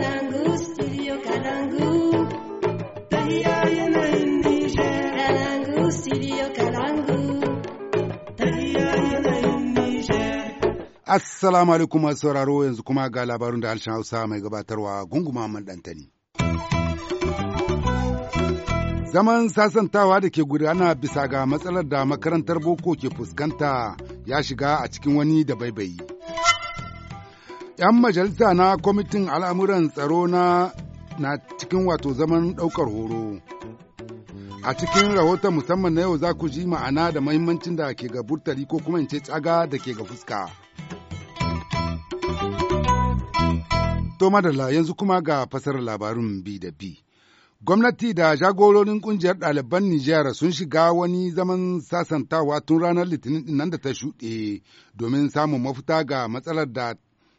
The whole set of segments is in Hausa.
Kalangu, Assalamu alaikum masu sauraro yanzu kuma ga labarun da harshen Hausa mai gabatarwa Gungu Muhammad Dantani. Zaman sasantawa da ke gudana bisa ga matsalar da makarantar boko ke fuskanta ya shiga a cikin wani da baibayi. 'Yan majalisa na kwamitin al'amuran tsaro na na cikin wato zaman ɗaukar horo. A cikin rahoton musamman na yau za ku ji ma'ana da mahimmancin da ke ga burtali ko kuma in ce tsaga da ke ga fuska. To madalla yanzu kuma ga fasarar labarin bi da bi. Gwamnati da jagororin kungiyar ɗaliban Nijar sun shiga wani zaman sasantawa tun ranar Litinin nan da ta shuɗe domin samun mafita ga matsalar da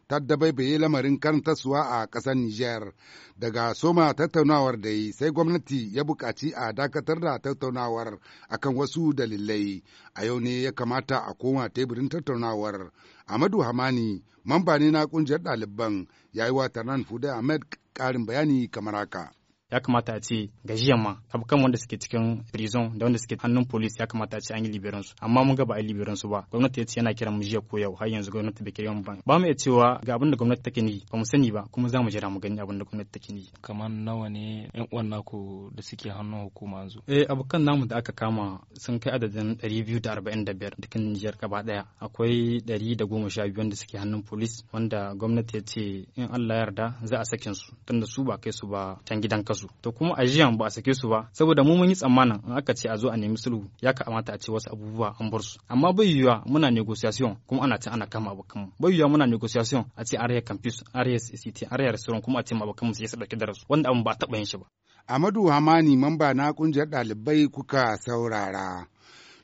ta yi lamarin karanta suwa a ƙasar Nijar. Daga soma tattaunawar da yi sai gwamnati ya buƙaci a dakatar da tattaunawar akan wasu dalilai. A yau ne ya kamata a koma teburin tattaunawar. Amadu Hamani, mamba ne na ƙungiyar ɗaliban, ya yi wa Tarnan Fude Ahmed ƙarin bayani kamar haka. ya kamata a ce gajiyan ma kan wanda suke cikin prison da wanda suke hannun police ya kamata a ce an yi liberan su amma mun ga ba a yi liberan su ba gwamnati ya ce yana kiran mu jiya ko yau har yanzu gwamnati bai kiran mu ba ba mu iya cewa ga abin da gwamnati take ni ba mu sani ba kuma za mu jira mu gani abin da gwamnati take ni kamar nawa ne yan uwan naku da suke hannun hukuma yanzu eh abokan namu da aka kama sun kai adadin 245 dukkan Nijar gaba daya akwai 112 wanda suke hannun police wanda gwamnati ya ce in Allah yarda za a sakin su tunda su ba kai su ba can gidan kasu su to kuma ajiyan ba a sake su ba saboda mu mun yi tsammanin in aka ce a zo a nemi sulhu ya kamata a ce wasu abubuwa an bar su amma bai yiwuwa muna negotiation kuma ana cin ana kama abokan bai yiwuwa muna negotiation a ce area campus area cct area restaurant kuma a ce abokan mu sai su dauki darasu wanda abin ba a taɓa yin shi ba Amadu Hamani mamba na kungiyar ɗalibai kuka saurara.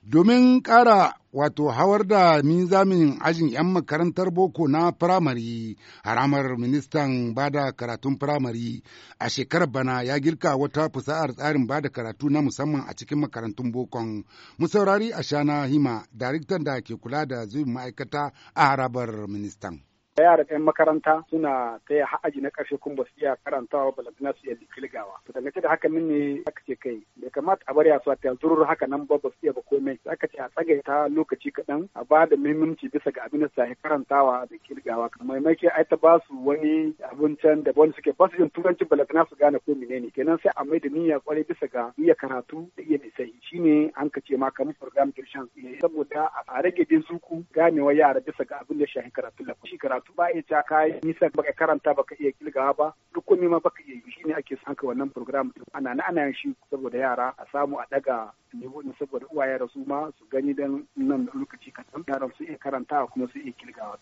domin ƙara wato hawar da minzamin ajin 'yan makarantar boko na firamare haramar ministan bada karatun firamare a shekarar bana ya girka wata fusa'ar tsarin bada karatu na musamman a cikin makarantun bokon musaurari shana hima daraktan da ke kula da zuwin ma'aikata a harabar ministan. yara ɗan makaranta suna ta yi ha'aji na ƙarshe kuma ba su iya karantawa balantana su iya kilgawa to dangane da haka ne aka ce kai bai kamata a bari a suwa a haka nan ba ba su iya ba komai aka ce a tsagaita lokaci kaɗan a ba da muhimmanci bisa ga abin da su karantawa da kilgawa maimakin ai ta ba su wani can da wani suke ba su jin turanci balantana su gane ko menene kenan sai a mai da niyya kwarai bisa ga iya karatu da iya Shi shine an ka ce ma kamar program tuition eh, saboda a rage din suku ganewa yara bisa ga abin da shahin karatu lafiya wasu ba iya ja kayi nisa baka karanta baka iya kilgawa ba duk komai ma baka iya ne ake son haka wannan program ana na ana shi saboda yara a samu a daga nebo ne saboda uwaye da su ma su gani dan nan lokaci kaɗan yaran su iya karantawa kuma su iya kilgawa.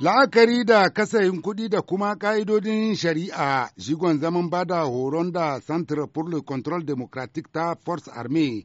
La'akari da kasayin kuɗi da kuma ƙa'idodin shari'a, shigon zaman bada horon da Centre pour le Contrôle Démocratique ta Force Army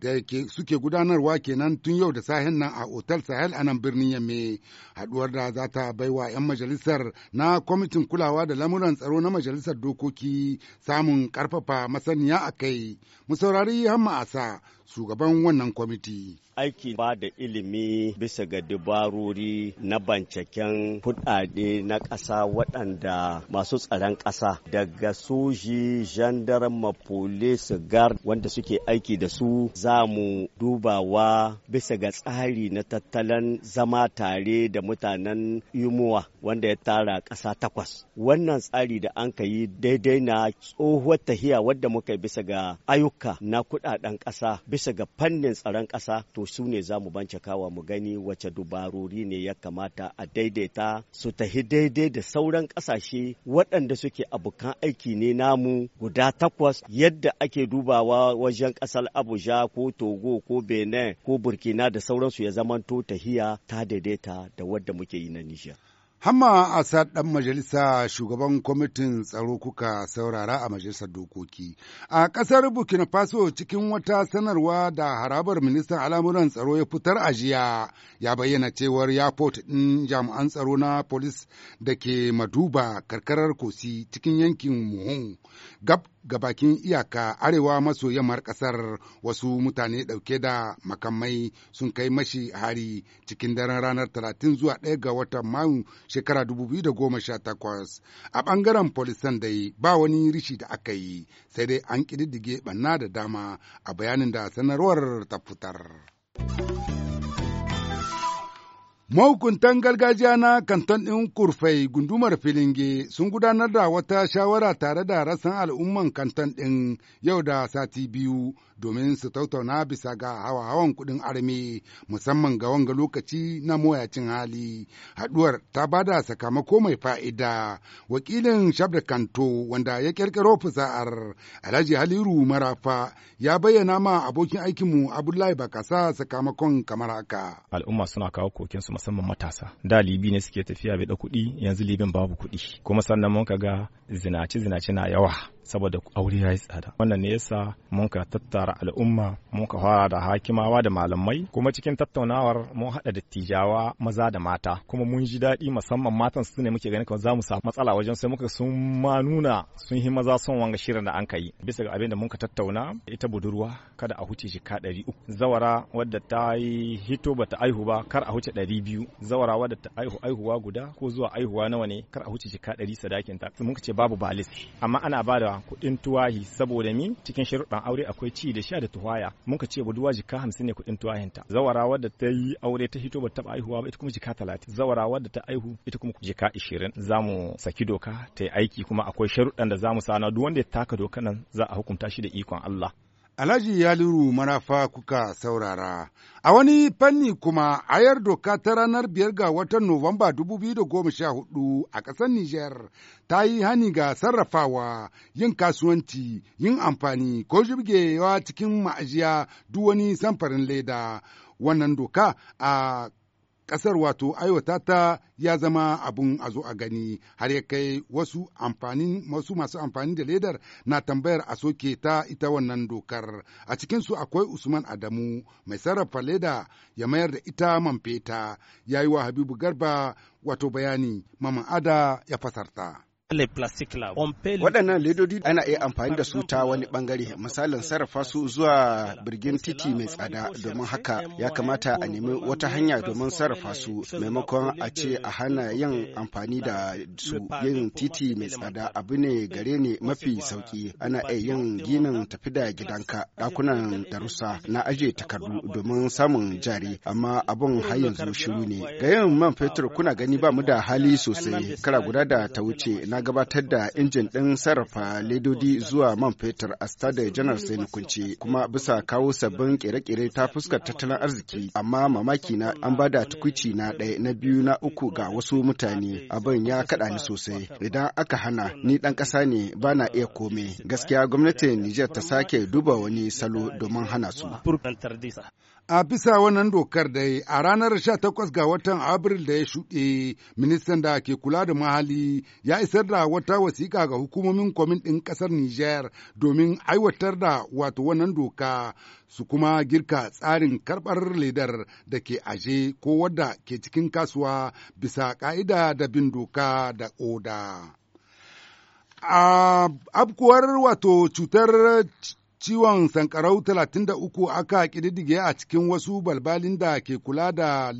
da suke gudanarwa kenan tun yau da sahen nan a otal sahel a nan birnin yamme haduwar da za ta baiwa 'yan majalisar na kwamitin kulawa da lamuran tsaro na majalisar dokoki samun karfafa masaniya a kai musaurari saurari hamma asa shugaban wannan kwamiti. Aiki ba da ilimi bisa ga dabarori na banceken kudade na ƙasa waɗanda masu tsaron ƙasa daga soji gendarme police guard wanda suke aiki da su za mu dubawa bisa ga tsari na tattalin zama tare da mutanen yumuwa wanda ya tara ƙasa takwas. Wannan tsari da an ka yi daidai na tsohuwar tahiya wadda muka yi bisa ga ayyuka na kudaden ƙasa bisa ga fannin tsaron ƙasa to su ne za mu bincikawa mu gani wace dubarori ne ya kamata a daidaita su tahi daidai da sauran ƙasashe waɗanda suke abokan aiki ne namu guda takwas yadda ake dubawa wajen ƙasar abuja ko togo ko benin ko burkina da sauransu ya zamanto tahiya ta daidaita da wadda muke yi na nijar Hamma Asad ɗan majalisa shugaban kwamitin tsaro kuka saurara a majalisar dokoki. A ƙasar Burkina Faso cikin wata sanarwa da harabar ministan al'amuran tsaro ya fitar ajiya, ya bayyana cewar yafot ɗin jami'an tsaro na polis da ke maduba karkarar kosi cikin yankin Muhun gab ga bakin iyaka arewa maso yammar ƙasar wasu mutane ɗauke da makamai sun kai mashi hari cikin daren ranar 30 zuwa 1 ga watan mayu shekara 2018 a bangaren polisan dai ba wani rishi da aka yi sai dai an ƙididdige banna da dama a bayanin da sanarwar ta fitar. Mahukuntan gargajiya na kanton ɗin Kurfai gundumar Filinge sun gudanar da wata shawara tare da rasan al'umman kanton ɗin yau da sati biyu domin su tautauna bisa ga hawa-hawan kuɗin arme musamman ga wanga lokaci na moyacin hali. Haɗuwar ta bada sakamako mai fa'ida. Wakilin Shabda Kanto wanda ya ƙirƙiro fusa'ar Alhaji Haliru Marafa ya bayyana ma abokin aikinmu Abdullahi Bakasa sakamakon kamar haka. Al'umma suna kawo su musamman matasa. Da libi ne suke tafiya bai da kuɗi yanzu libin babu kuɗi. Kuma sannan mun ga zinace-zinace na yawa. saboda aure ya yi tsada wannan ne yasa mun ka tattara al'umma mun ka fara da hakimawa da malamai kuma cikin tattaunawar mun haɗa dattijawa maza da mata kuma mun ji daɗi musamman matan su ne muke ganin kamar za mu samu matsala wajen sai muka sun ma nuna sun yi maza son wanga shirin da an ka yi bisa ga abin da mun ka tattauna ita budurwa kada a huce shi ka ɗari uku zawara wadda ta yi hito bata aihu ba kar a huce ɗari biyu zawara wadda ta aihu aihuwa guda ko zuwa aihuwa nawa ne kar a huce shi ka ɗari sadakin ta mun ka ce babu balis amma ana ba da kuɗin tuwahi saboda mi cikin sharuɗan aure akwai ci da sha da tuwaya muka ce buduwa jika hamsin ne kuɗin tuwahinta zawara wadda ta yi aure ta hito ba ta aihuwa ba ita kuma jika talatin zawara wadda ta aihu ita kuma jika ishirin za mu saki doka ta yi aiki kuma akwai sharuɗan da za mu sana duk wanda ya taka doka nan za a hukunta shi da ikon Allah Alhaji Yaliru Marafa kuka saurara. A wani fanni kuma ayar doka ta ranar biyar ga watan Nuwamba hudu a ƙasar Nijar ta yi hani ga sarrafawa yin kasuwanci, yin amfani ko jirgewa cikin ma'ajiya duk wani samfarin leda. Wannan doka a kasar wato aiwata ta ya zama abun a zo a gani har ya kai wasu amfanin wasu masu amfani da ledar na tambayar a soke ta ita wannan dokar a cikin su akwai Usman Adamu mai sarrafa leda ya mayar da ita man feta yayi wa Habibu Garba wato bayani mama ada ya fasarta. Waɗannan ledodi ana iya amfani da su ta wani ɓangare, misalin sarrafa su zuwa birgin titi mai tsada domin haka ya kamata a nemi wata hanya domin sarrafa su maimakon a ce a hana yin amfani da su yin titi mai tsada abu ne gare ne mafi sauki ana iya yin ginin tafi da gidanka ɗakunan darussa na aje takardu domin samun jari amma abun har yanzu shiru ne. Ga yin man fetur kuna gani ba mu da hali sosai kara guda da ta wuce na gabatar da injin ɗin sarrafa ledodi zuwa man fetur a stade janar sai kunce kuma bisa kawo sabbin kere-kere ta fuskar tattalin arziki amma mamaki na an ba da tukuci na ɗaya na biyu na uku ga wasu mutane abin ya kaɗa ni sosai idan aka hana ni ɗan ƙasa ne ba na iya komai gaskiya gwamnatin Nijar ta sake duba wani salo domin hana su. A bisa wannan dokar dai a ranar 18 ga watan Abril da ya shuɗe, ministan da ke kula da mahali ya isar da wata wasiƙa ga hukumomin kwamin ɗin ƙasar Nijar domin aiwatar da wato wannan doka su kuma girka tsarin karɓar ledar da ke aje ko wadda ke cikin kasuwa bisa ƙa'ida da bin doka da oda. A abkuwar wato cutar Ciwon sankarau 33 aka ƙididdige a cikin wasu balbalin da ke kula da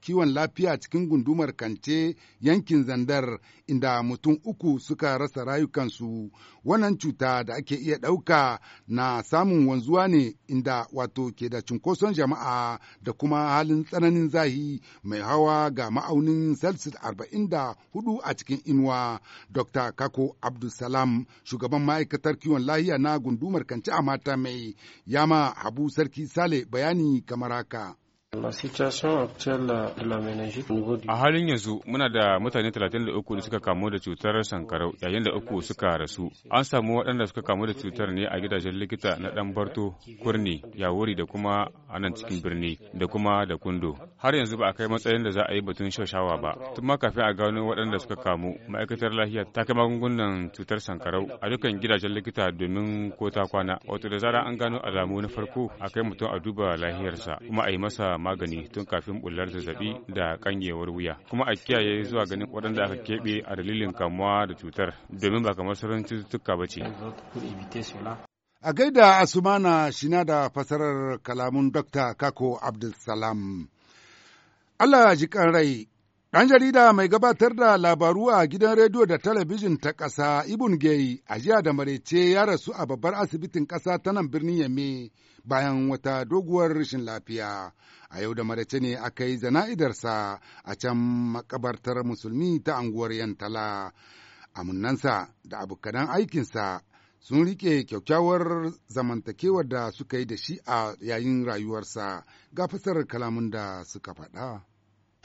kiwon lafiya cikin gundumar Kance yankin Zandar inda mutum uku suka rasa rayukansu. Wannan cuta da ake iya ɗauka na samun wanzuwa ne inda wato ke da cunkoson jama'a da kuma halin tsananin zahi mai hawa ga ma'aunin Celsius a cikin inuwa. Dr. Kako Abdulsalam, shugaban ma'aikatar kiwon lahiya na gundumar Kance a mata mai yama habu sarki sale bayani kamar haka. A halin yanzu muna da mutane 33 da suka kamu da cutar sankarau yayin da uku suka rasu. An samu waɗanda suka kamu da cutar ne a gidajen likita na ɗan Barto, Kurni, Yawuri da kuma anan cikin birni da kuma da Kundo. Har yanzu ba a kai matsayin da za a yi batun shashawa ba. Tun ma kafin a gano waɗanda suka kamu, ma'aikatar lafiya ta kai magungunan cutar sankarau a dukkan gidajen likita domin ko ta kwana. Wato da zarar an gano alamu na farko a kai mutum a duba lafiyarsa kuma a yi masa magani tun kafin bullar zazzabi da kangewar wuya kuma a kiyaye zuwa ganin waɗanda aka keɓe a dalilin kamuwa da cutar domin ba kamar sauran cututtuka ba ce a gaida asumana shina da fasarar kalamun dokta kako abdulsalam allah kan rai Ɗan jarida mai gabatar da labaru a gidan rediyo da talabijin ta ƙasa Ibn Gay a jiya da marece ya rasu a babbar asibitin ƙasa ta nan birnin Yame bayan wata doguwar rashin lafiya. A yau da marece ne aka yi zana'idarsa a can makabartar musulmi ta anguwar Yantala. Amunansa da abokanan aikinsa sun riƙe kyakkyawar zamantakewar da suka yi da shi a yayin rayuwarsa ga fasar kalamun da suka faɗa.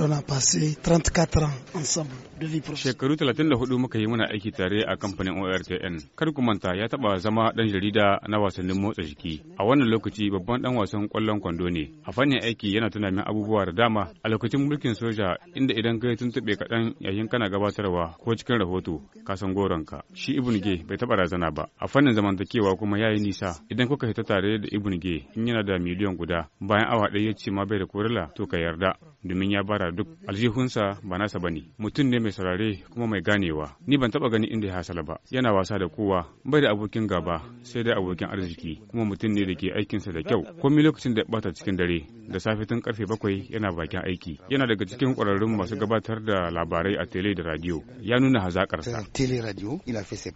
On a passé 34 ans ensemble de vie professionnelle. Shekaru 34 muka yi muna aiki tare a kamfanin ORTN. Kar ku manta ya taba zama dan jarida na wasannin motsa jiki. A wannan lokaci babban dan wasan kwallon kwando ne. A fannin aiki yana tuna min abubuwa da dama. A lokacin mulkin soja inda idan kai tuntube kaɗan yayin kana gabatarwa ko cikin rahoto ka san goronka. Shi Ibn Ge bai taba razana ba. A fannin zamantakewa kuma yayi nisa. Idan kuka fita tare da Ibn Ge in yana da miliyan guda bayan awa ɗaya ya ce ma bai da korila to ka yarda. domin ya bara duk aljihunsa ba nasa ne mutum ne mai saurare kuma mai ganewa ni ban taba gani inda ya hasala ba yana wasa da kowa bai da abokin gaba sai dai abokin arziki kuma mutum ne da ke aikinsa da kyau komai lokacin da bata cikin dare da safe tun karfe bakwai yana bakin aiki yana daga cikin kwararrun masu gabatar da labarai a tele da radio ya nuna hazakarsa tele radio ina fese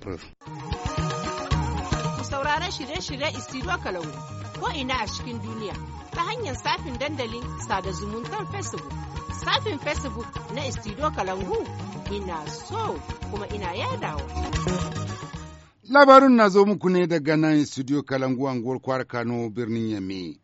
shirye-shirye istiro kalau ko'ina a cikin duniya ta hanyar safin dandalin sada zumuntar Facebook. Safin Facebook na Istido Kalangu ina so kuma ina yadawa. Labarin na zo muku ne daga nan Studio Kalangu anguwar kwar Kano birnin Yame.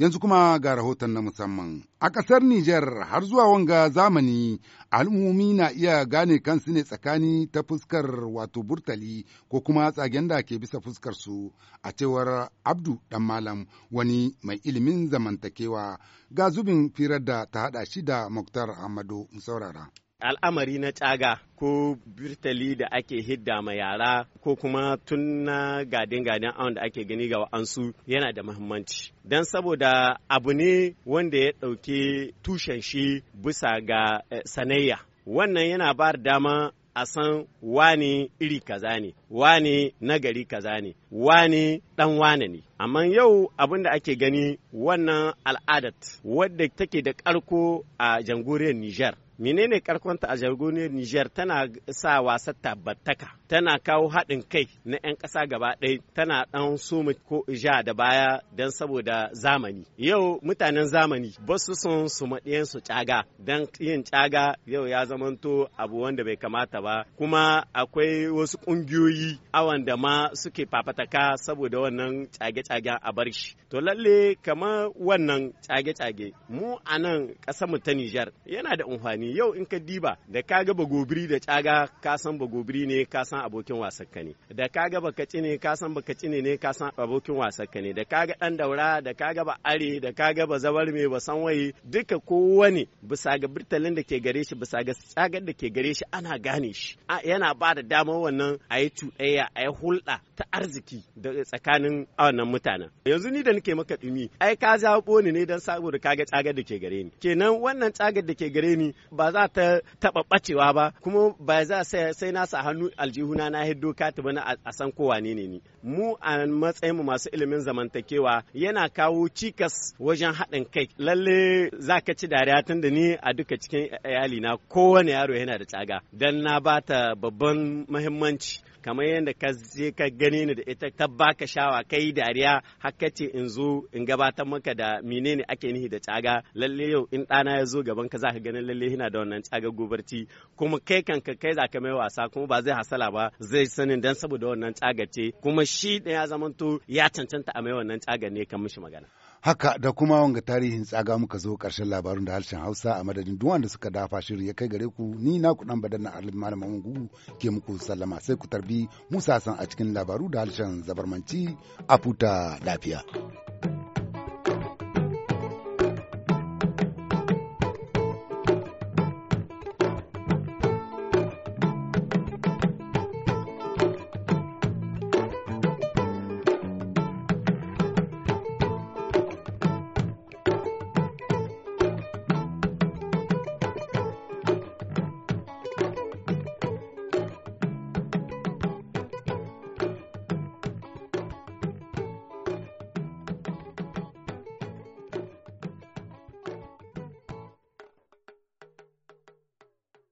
Yanzu kuma ga rahoton na musamman. A ƙasar Nijar har zuwa wanga zamani al'ummomi na iya gane kansu ne tsakani ta fuskar wato burtali ko kuma tsagen da ke bisa fuskar su a cewar Abdu ɗan Malam wani mai ilimin zamantakewa ga zubin firar da ta haɗa shi da Muktar Ahmadu musaurara al'amari na caga ko birtali da ake hidda ma yara ko kuma tun na gadin-gadin awon da ake gani ga wa'ansu yana da mahimmanci don saboda abu ne wanda ya ɗauki tushen shi bisa ga eh, sanayya wannan yana ba da dama a san wani iri kaza ne wani nagari kaza ne wani dan wane ne amma yau abin da ake gani wannan al'adat wadda take da karko a jamhuriyar Nijar menene karkonta a jargoniyar Niger tana sa wasa tabbataka tana kawo haɗin kai na 'yan ƙasa gaba ɗaya tana ɗan soma ko ja da baya don saboda zamani yau mutanen zamani ba su son su maɗiyan su caga don yin caga yau ya zamanto abu wanda bai kamata ba kuma akwai wasu ƙungiyoyi awan da ma suke fafataka saboda wannan cage-cagen a bar shi to lalle kamar wannan cage-cage mu a nan ƙasarmu ta Niger yana da amfani yau in ka diba da ka ga bagobiri da caga ka san bagobiri ne ka san abokin wasanka ne da ka ga baka ne ka san baka ne ne ka san abokin wasanka ne da ka ga dan daura da ka ga ba are da ka ga ba zabar me ba san waye duka kowane bisa ga birtalin da ke gare shi bisa ga cagar da ke gare shi ana gane shi a yana ba da damar wannan a yi cuɗaya a yi hulɗa ta arziki da tsakanin wannan mutanen yanzu ni da nake maka dumi ai ka zaɓo ni ne don saboda ka ga cagar da ke gare ni kenan wannan cagar da ke gare ni ba za ta taɓa ɓacewa ba kuma ba za sai na sa hannu aljihuna na hiddo kati ba na a san kowa ne ne mu a matsayin mu masu ilimin zamantakewa yana kawo cikas wajen haɗin kai lalle za ka ci dariya tun da ni a duka cikin iyali na kowane yaro yana da tsaga dan na bata babban muhimmanci kamar yadda ka je ka gani ni da ita ta baka shawa kai dariya har ce in zo in gabatar maka da menene ake nihi da tsaga lalle yau in ɗana ya zo gaban ka za ka ganin lalle yana da wannan tsaga gobarci kuma kai kanka kai za ka mai wasa kuma ba zai hasala ba zai sanin dan saboda wannan tsaga ce kuma shi ɗaya ya zamanto ya cancanta a mai wannan tsaga ne kan mishi magana. haka da kuma wanga tarihin tsaga muka zo ƙarshen labarun da harshen hausa a madadin duk wanda suka dafa shirin ya kai gare ku ni na kudan badan na alim malamin gugu ke muku sallama sai ku tarbi musa san a cikin labaru da harshen zabarmanci a futa lafiya.